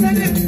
Send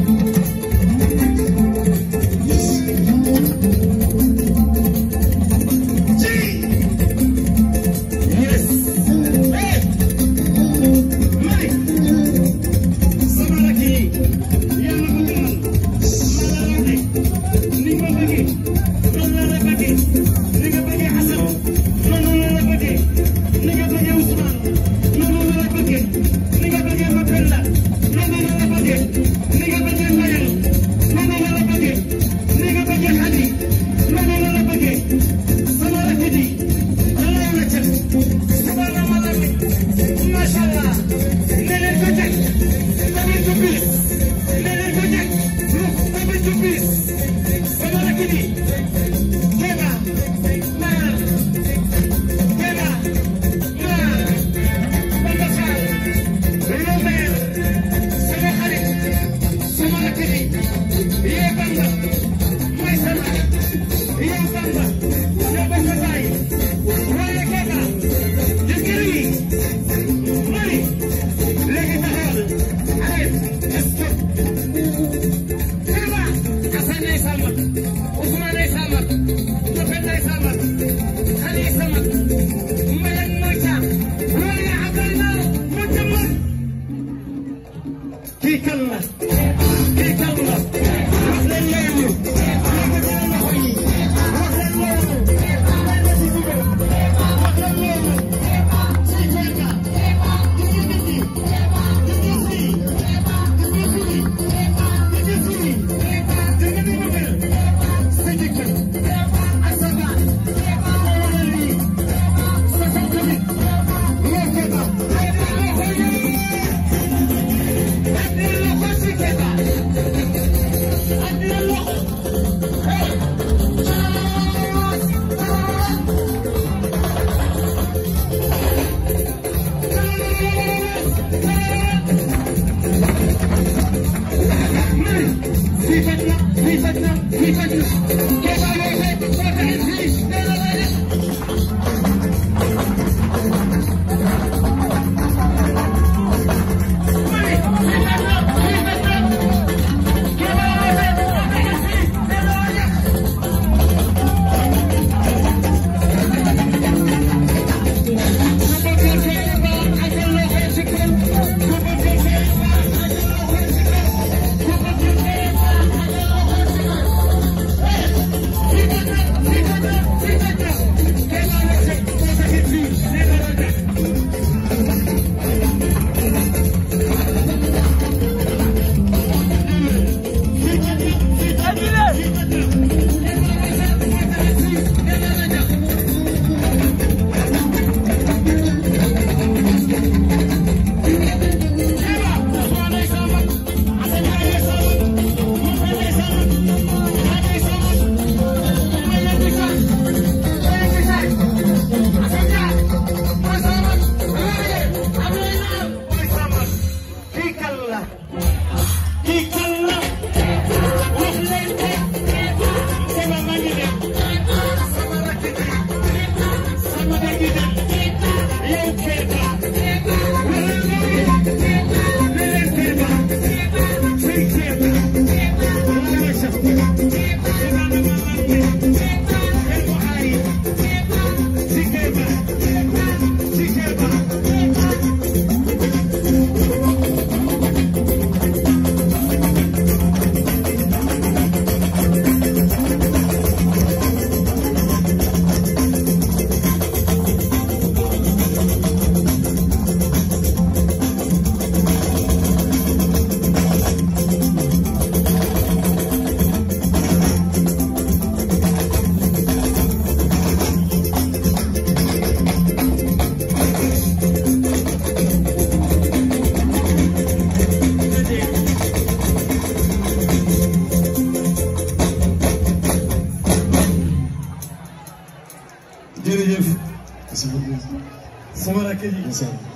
He can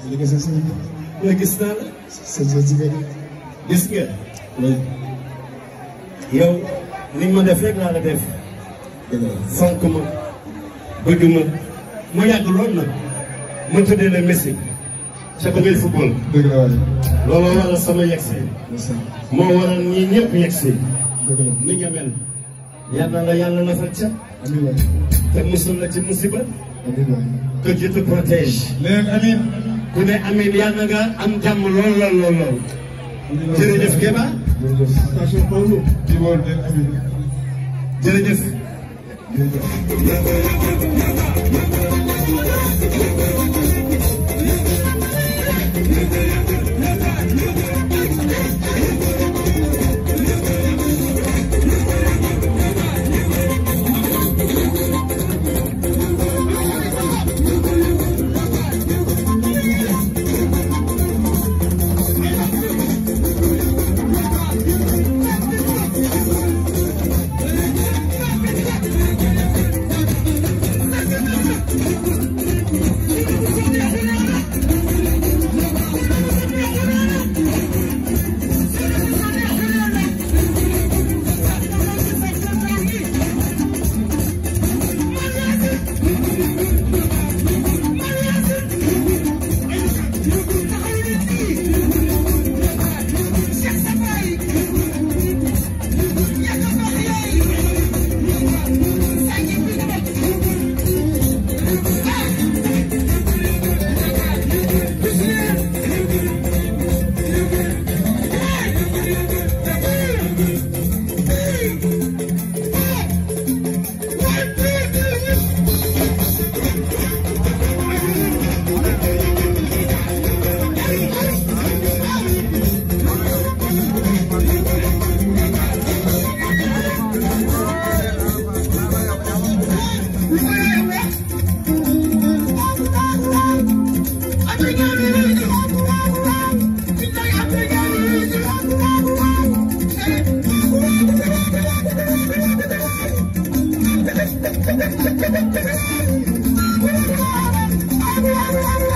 dina gis si dina si nga ni ma def rek laa la def. fonk ma bëgg ma ma yàgg lool nag ma tuddee la Messi ca ba ngay football. dëgg la waaye. looloo waral waral ñii ñëpp yegsi. dëgg la ni la yàlla na ca. amiin waay. te musul la ci musiba. amiin waay. que Dieu ñu ne amiin yàlla nga am jàmm lool lool lool lool. jërëjëf Kéba. jërëjëf station Thank you.